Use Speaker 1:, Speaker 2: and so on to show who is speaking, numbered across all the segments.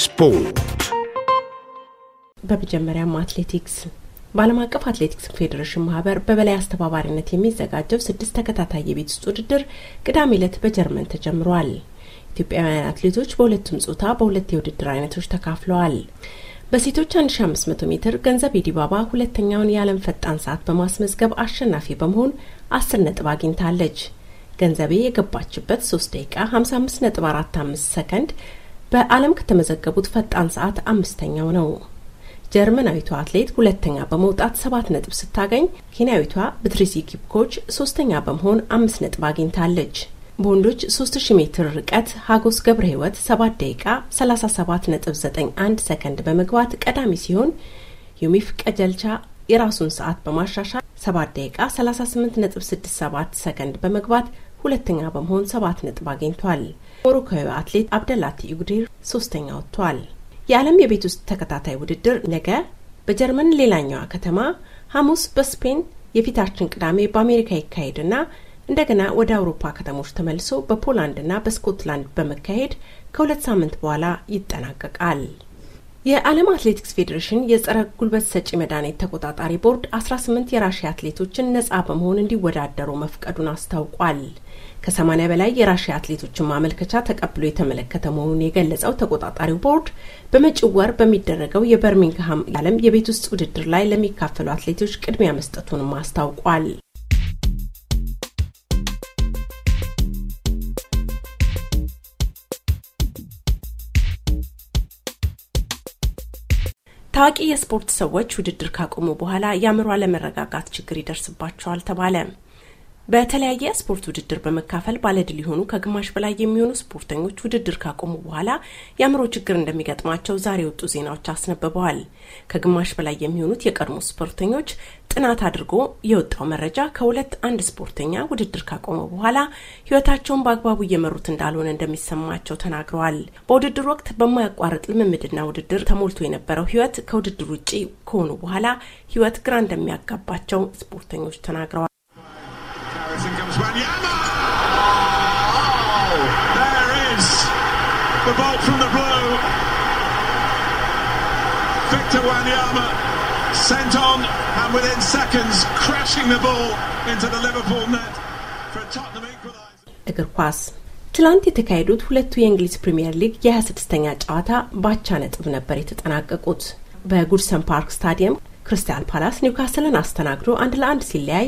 Speaker 1: ስፖርት። በመጀመሪያም አትሌቲክስ በዓለም አቀፍ አትሌቲክስ ፌዴሬሽን ማህበር በበላይ አስተባባሪነት የሚዘጋጀው ስድስት ተከታታይ የቤት ውስጥ ውድድር ቅዳሜ ዕለት በጀርመን ተጀምሯል። ኢትዮጵያውያን አትሌቶች በሁለቱም ጾታ በሁለት የውድድር አይነቶች ተካፍለዋል። በሴቶች 1500 ሜትር ገንዘቤ ዲባባ ሁለተኛውን የዓለም ፈጣን ሰዓት በማስመዝገብ አሸናፊ በመሆን 10 ነጥብ አግኝታለች። ገንዘቤ የገባችበት 3 ደቂቃ 55.45 ሰከንድ በዓለም ከተመዘገቡት ፈጣን ሰዓት አምስተኛው ነው። ጀርመናዊቷ አትሌት ሁለተኛ በመውጣት ሰባት ነጥብ ስታገኝ ኬንያዊቷ ብትሪሲ ኪፕኮች ሶስተኛ በመሆን አምስት ነጥብ አግኝታለች። በወንዶች 3000 ሜትር ርቀት ሀጎስ ገብረ ህይወት 7 ደቂቃ 37.91 ሰከንድ በመግባት ቀዳሚ ሲሆን ዮሚፍ ቀጀልቻ የራሱን ሰዓት በማሻሻል 7 ደቂቃ 38.67 ሰከንድ በመግባት ሁለተኛ በመሆን ሰባት ነጥብ አግኝቷል። ሞሮካዊ አትሌት አብደላቲ ኢጉዲር ሶስተኛ ወጥቷል። የዓለም የቤት ውስጥ ተከታታይ ውድድር ነገ በጀርመን ሌላኛዋ ከተማ፣ ሐሙስ በስፔን የፊታችን ቅዳሜ በአሜሪካ ይካሄድና እንደገና ወደ አውሮፓ ከተሞች ተመልሶ በፖላንድና በስኮትላንድ በመካሄድ ከሁለት ሳምንት በኋላ ይጠናቀቃል። የዓለም አትሌቲክስ ፌዴሬሽን የጸረ ጉልበት ሰጪ መድኃኒት ተቆጣጣሪ ቦርድ 18 የራሽያ አትሌቶችን ነጻ በመሆን እንዲወዳደሩ መፍቀዱን አስታውቋል። ከ80 በላይ የራሽያ አትሌቶችን ማመልከቻ ተቀብሎ የተመለከተ መሆኑን የገለጸው ተቆጣጣሪው ቦርድ በመጪው ወር በሚደረገው የበርሚንግሃም ዓለም የቤት ውስጥ ውድድር ላይ ለሚካፈሉ አትሌቶች ቅድሚያ መስጠቱንም አስታውቋል። ታዋቂ የስፖርት ሰዎች ውድድር ካቆሙ በኋላ የአእምሮ አለመረጋጋት ችግር ይደርስባቸዋል ተባለ። በተለያየ ስፖርት ውድድር በመካፈል ባለድል የሆኑ ከግማሽ በላይ የሚሆኑ ስፖርተኞች ውድድር ካቆሙ በኋላ የአእምሮ ችግር እንደሚገጥማቸው ዛሬ የወጡ ዜናዎች አስነብበዋል። ከግማሽ በላይ የሚሆኑት የቀድሞ ስፖርተኞች ጥናት አድርጎ የወጣው መረጃ ከሁለት አንድ ስፖርተኛ ውድድር ካቆመ በኋላ ህይወታቸውን በአግባቡ እየመሩት እንዳልሆነ እንደሚሰማቸው ተናግረዋል። በውድድር ወቅት በማያቋርጥ ልምምድና ውድድር ተሞልቶ የነበረው ህይወት ከውድድር ውጪ ከሆኑ በኋላ ህይወት ግራ እንደሚያጋባቸው ስፖርተኞች ተናግረዋል። Oh, there is the ball from the blue. Victor Wanyama sent on and within seconds crashing the ball into the Liverpool net for Tottenham equaliser. ትላንት የተካሄዱት ሁለቱ የእንግሊዝ ፕሪምየር ሊግ የ26ኛ ጨዋታ ነጥብ ነበር የተጠናቀቁት። በጉድሰን ፓርክ ስታዲየም ክሪስታል ፓላስ ኒውካስልን አስተናግዶ አንድ ለአንድ ሲለያይ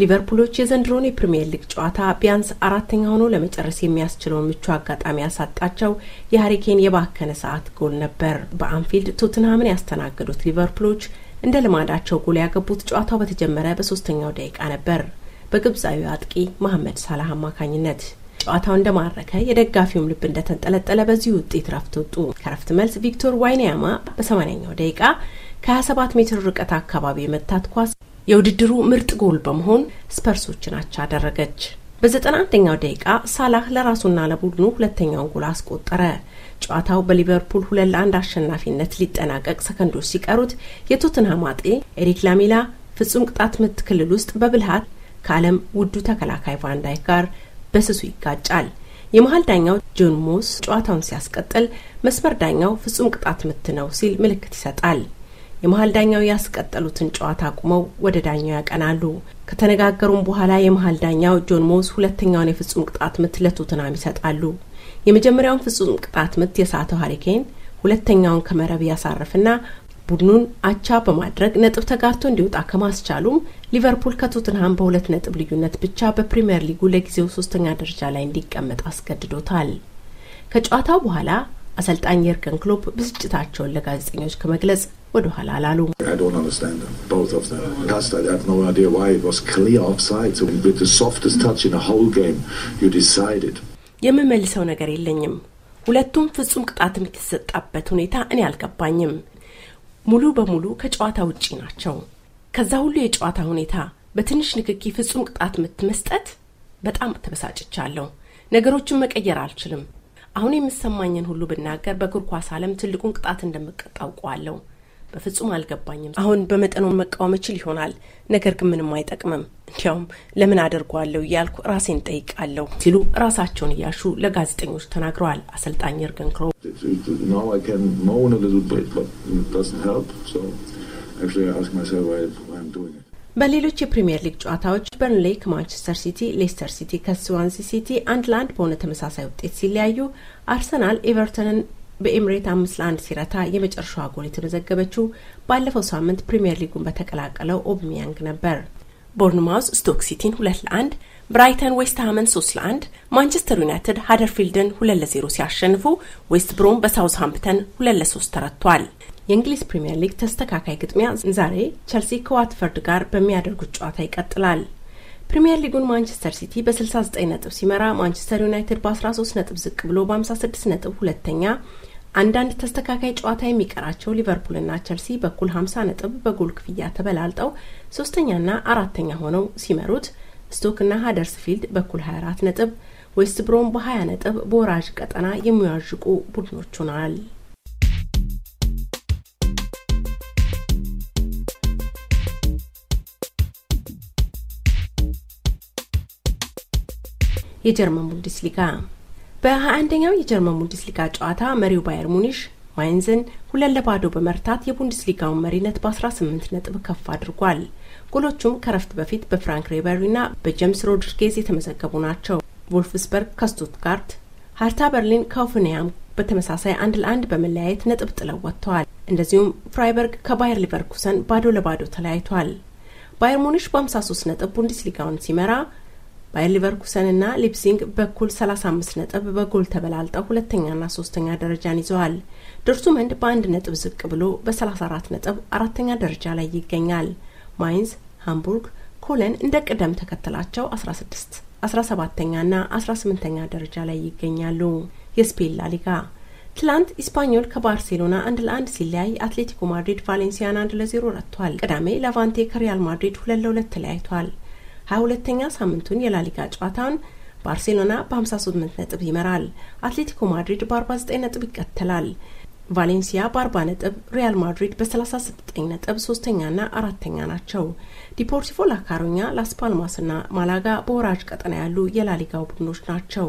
Speaker 1: ሊቨርፑሎች የዘንድሮን የፕሪምየር ሊግ ጨዋታ ቢያንስ አራተኛ ሆኖ ለመጨረስ የሚያስችለውን ምቹ አጋጣሚ ያሳጣቸው የሀሪኬን የባከነ ሰዓት ጎል ነበር። በአንፊልድ ቶትንሃምን ያስተናገዱት ሊቨርፑሎች እንደ ልማዳቸው ጎል ያገቡት ጨዋታው በተጀመረ በሶስተኛው ደቂቃ ነበር በግብፃዊ አጥቂ መሐመድ ሳላህ አማካኝነት። ጨዋታው እንደማረከ የደጋፊውም ልብ እንደተንጠለጠለ በዚሁ ውጤት ረፍት ወጡ። ከረፍት መልስ ቪክቶር ዋይንያማ በሰማንያኛው ደቂቃ ከ27 ሜትር ርቀት አካባቢ የመታት ኳስ የውድድሩ ምርጥ ጎል በመሆን ስፐርሶችን አቻ አደረገች። በ91ኛው ደቂቃ ሳላህ ለራሱና ለቡድኑ ሁለተኛውን ጎል አስቆጠረ። ጨዋታው በሊቨርፑል ሁለት ለአንድ አሸናፊነት ሊጠናቀቅ ሰከንዶች ሲቀሩት የቶትንሃም አጤ ኤሪክ ላሚላ ፍጹም ቅጣት ምት ክልል ውስጥ በብልሃት ከዓለም ውዱ ተከላካይ ቫንዳይክ ጋር በስሱ ይጋጫል። የመሀል ዳኛው ጆን ሞስ ጨዋታውን ሲያስቀጥል መስመር ዳኛው ፍጹም ቅጣት ምት ነው ሲል ምልክት ይሰጣል። የመሀል ዳኛው ያስቀጠሉትን ጨዋታ አቁመው ወደ ዳኛው ያቀናሉ። ከተነጋገሩም በኋላ የመሀል ዳኛው ጆን ሞስ ሁለተኛውን የፍጹም ቅጣት ምት ለቶትናም ይሰጣሉ። የመጀመሪያውን ፍጹም ቅጣት ምት የሳተው ሀሪኬን ሁለተኛውን ከመረብ ያሳረፍና ቡድኑን አቻ በማድረግ ነጥብ ተጋርቶ እንዲወጣ ከማስቻሉም ሊቨርፑል ከቶትንሃም በሁለት ነጥብ ልዩነት ብቻ በፕሪምየር ሊጉ ለጊዜው ሶስተኛ ደረጃ ላይ እንዲቀመጥ አስገድዶታል። ከጨዋታው በኋላ አሰልጣኝ የርገን ክሎፕ ብስጭታቸውን ለጋዜጠኞች ከመግለጽ ወደ ኋላ አላሉ። የምመልሰው ነገር የለኝም። ሁለቱም ፍጹም ቅጣት የተሰጣበት ሁኔታ እኔ አልገባኝም። ሙሉ በሙሉ ከጨዋታ ውጪ ናቸው። ከዛ ሁሉ የጨዋታ ሁኔታ በትንሽ ንክኪ ፍጹም ቅጣት ምት መስጠት በጣም ተበሳጭቻለሁ። ነገሮችን መቀየር አልችልም። አሁን የምሰማኝን ሁሉ ብናገር በእግር ኳስ ዓለም ትልቁን ቅጣት እንደምቀጣ አውቀዋለሁ። በፍጹም አልገባኝም። አሁን በመጠኑ መቃወም እችል ይሆናል፣ ነገር ግን ምንም አይጠቅምም። እንዲያውም ለምን አደርጓለሁ እያልኩ ራሴን ጠይቃለሁ ሲሉ ራሳቸውን እያሹ ለጋዜጠኞች ተናግረዋል። አሰልጣኝ እርገን ክሮ በሌሎች የፕሪምየር ሊግ ጨዋታዎች በርንሌይ ከማንቸስተር ሲቲ፣ ሌስተር ሲቲ ከስዋንሲ ሲቲ አንድ ለአንድ በሆነ ተመሳሳይ ውጤት ሲለያዩ አርሰናል ኤቨርተንን በኤምሬት አምስት ለአንድ ሲረታ የመጨረሻዋ ጎል የተመዘገበችው ባለፈው ሳምንት ፕሪምየር ሊጉን በተቀላቀለው ኦብሚያንግ ነበር። ቦርንማውስ ስቶክ ሲቲን ሁለት ለአንድ፣ ብራይተን ዌስትሃምን ሶስት ለአንድ፣ ማንቸስተር ዩናይትድ ሃደርፊልድን ሁለት ለዜሮ ሲያሸንፉ ዌስት ብሮም ሃምፕተን ሁለት ለሶስት ተረቷል። የእንግሊዝ ፕሪምየር ሊግ ተስተካካይ ግጥሚያ ዛሬ ቸልሲ ከዋትፈርድ ጋር በሚያደርጉት ጨዋታ ይቀጥላል። ፕሪምየር ሊጉን ማንቸስተር ሲቲ በ69 ነጥብ ሲመራ ማንቸስተር ዩናይትድ በ13 ነጥብ ዝቅ ብሎ በ56 ነጥብ ሁለተኛ አንዳንድ ተስተካካይ ጨዋታ የሚቀራቸው ሊቨርፑልና ቸልሲ በኩል 50 ነጥብ በጎል ክፍያ ተበላልጠው ሶስተኛና አራተኛ ሆነው ሲመሩት፣ ስቶክና ሃደርስፊልድ በኩል 24 ነጥብ፣ ዌስት ብሮም በ20 ነጥብ በወራጅ ቀጠና የሚዋዥቁ ቡድኖች ሆነዋል። የጀርመን ቡንደስሊጋ በ21ኛው የጀርመን ቡንደስሊጋ ጨዋታ መሪው ባየር ሙኒሽ ማይንዝን ሁለት ለባዶ በመርታት የቡንደስሊጋውን መሪነት በ18 ነጥብ ከፍ አድርጓል። ጎሎቹም ከረፍት በፊት በፍራንክ ሬበሪና በጀምስ ሮድሪጌዝ የተመዘገቡ ናቸው። ቮልፍስበርግ ከስቱትጋርት፣ ሀርታ በርሊን ከሆፍንያም በተመሳሳይ አንድ ለአንድ በመለያየት ነጥብ ጥለው ወጥተዋል። እንደዚሁም ፍራይበርግ ከባየር ሊቨርኩሰን ባዶ ለባዶ ተለያይቷል። ባየር ሙኒሽ በ53 ነጥብ ቡንደስሊጋውን ሲመራ ባየር ሊቨርኩሰንና ሊፕሲንግ በኩል 35 ነጥብ በጎል ተበላልጠው ሁለተኛና ሶስተኛ ደረጃን ይዘዋል። ዶርትመንድ በአንድ ነጥብ ዝቅ ብሎ በ34 ነጥብ አራተኛ ደረጃ ላይ ይገኛል። ማይንዝ፣ ሃምቡርግ፣ ኮለን እንደ ቅደም ተከተላቸው 16፣ 17ኛና 18ኛ ደረጃ ላይ ይገኛሉ። የስፔን ላሊጋ ትላንት ኢስፓኞል ከባርሴሎና አንድ ለአንድ ሲለያይ አትሌቲኮ ማድሪድ ቫሌንሲያን አንድ ለዜሮ ረጥቷል። ቅዳሜ ላቫንቴ ከሪያል ማድሪድ ሁለት ለሁለት ተለያይቷል። 22 ሳምንቱን የላሊጋ ጨዋታውን ባርሴሎና በ58 ነጥብ ይመራል። አትሌቲኮ ማድሪድ በ49 ነጥብ ይከተላል። ቫሌንሲያ በ40 ነጥብ፣ ሪያል ማድሪድ በ39 ነጥብ ሶስተኛና አራተኛ ናቸው። ዲፖርቲቮ ላካሮኛ፣ ላስ ፓልማስና ማላጋ በወራጅ ቀጠና ያሉ የላሊጋው ቡድኖች ናቸው።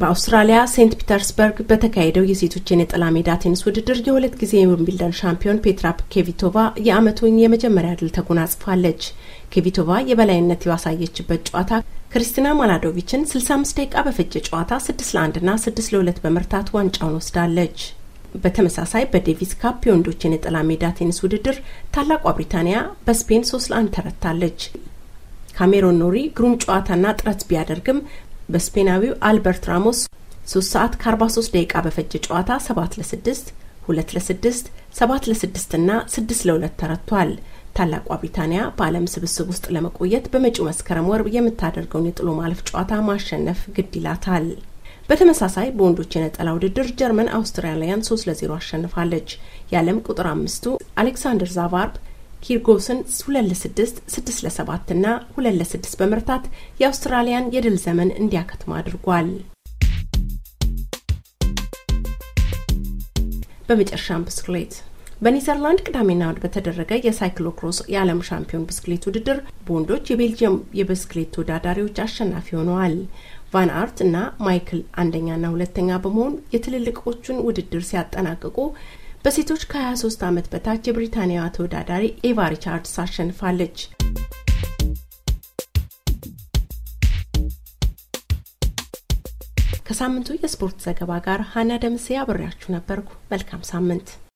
Speaker 1: በአውስትራሊያ ሴንት ፒተርስበርግ በተካሄደው የሴቶች የነጠላ ሜዳ ቴኒስ ውድድር የሁለት ጊዜ የዊምብልደን ሻምፒዮን ፔትራ ኬቪቶቫ የዓመቱን የመጀመሪያ ድል ተጎናጽፋለች። ኬቪቶቫ የበላይነት ያሳየችበት ጨዋታ ክሪስቲና ማላዶቪችን 65 ደቂቃ በፈጀ ጨዋታ 6 ለ1 ና 6 ለ2 በመርታት ዋንጫውን ወስዳለች። በተመሳሳይ በዴቪስ ካፕ የወንዶች የነጠላ ሜዳ ቴኒስ ውድድር ታላቋ ብሪታንያ በስፔን 3 ለ1 ተረታለች። ካሜሮን ኖሪ ግሩም ጨዋታና ጥረት ቢያደርግም በስፔናዊው አልበርት ራሞስ 3 ሰዓት ከ43 ደቂቃ በፈጀ ጨዋታ 7 ለ6፣ 2 ለ6፣ 7 ለ6 እና 6 ለ2 ተረቷል። ታላቋ ብሪታንያ በዓለም ስብስብ ውስጥ ለመቆየት በመጪው መስከረም ወር የምታደርገውን የጥሎ ማለፍ ጨዋታ ማሸነፍ ግድ ይላታል። በተመሳሳይ በወንዶች የነጠላ ውድድር ጀርመን አውስትራሊያን 3 ለ0 አሸንፋለች። የዓለም ቁጥር አምስቱ አሌክሳንደር ዛቫርብ ኪርጎስን 26 6 ለ7 እና 2 ለ6 በመርታት የአውስትራሊያን የድል ዘመን እንዲያከትም አድርጓል። በመጨረሻም ብስክሌት በኔዘርላንድ ቅዳሜና እሁድ በተደረገ የሳይክሎ ክሮስ የዓለም ሻምፒዮን ብስክሌት ውድድር በወንዶች የቤልጅየም የብስክሌት ተወዳዳሪዎች አሸናፊ ሆነዋል። ቫን አርት እና ማይክል አንደኛና ሁለተኛ በመሆን የትልልቆቹን ውድድር ሲያጠናቅቁ በሴቶች ከ23 ዓመት በታች የብሪታንያዋ ተወዳዳሪ ኤቫ ሪቻርድስ አሸንፋለች። ከሳምንቱ የስፖርት ዘገባ ጋር ሀና ደምሴ አብሬያችሁ ነበርኩ። መልካም ሳምንት።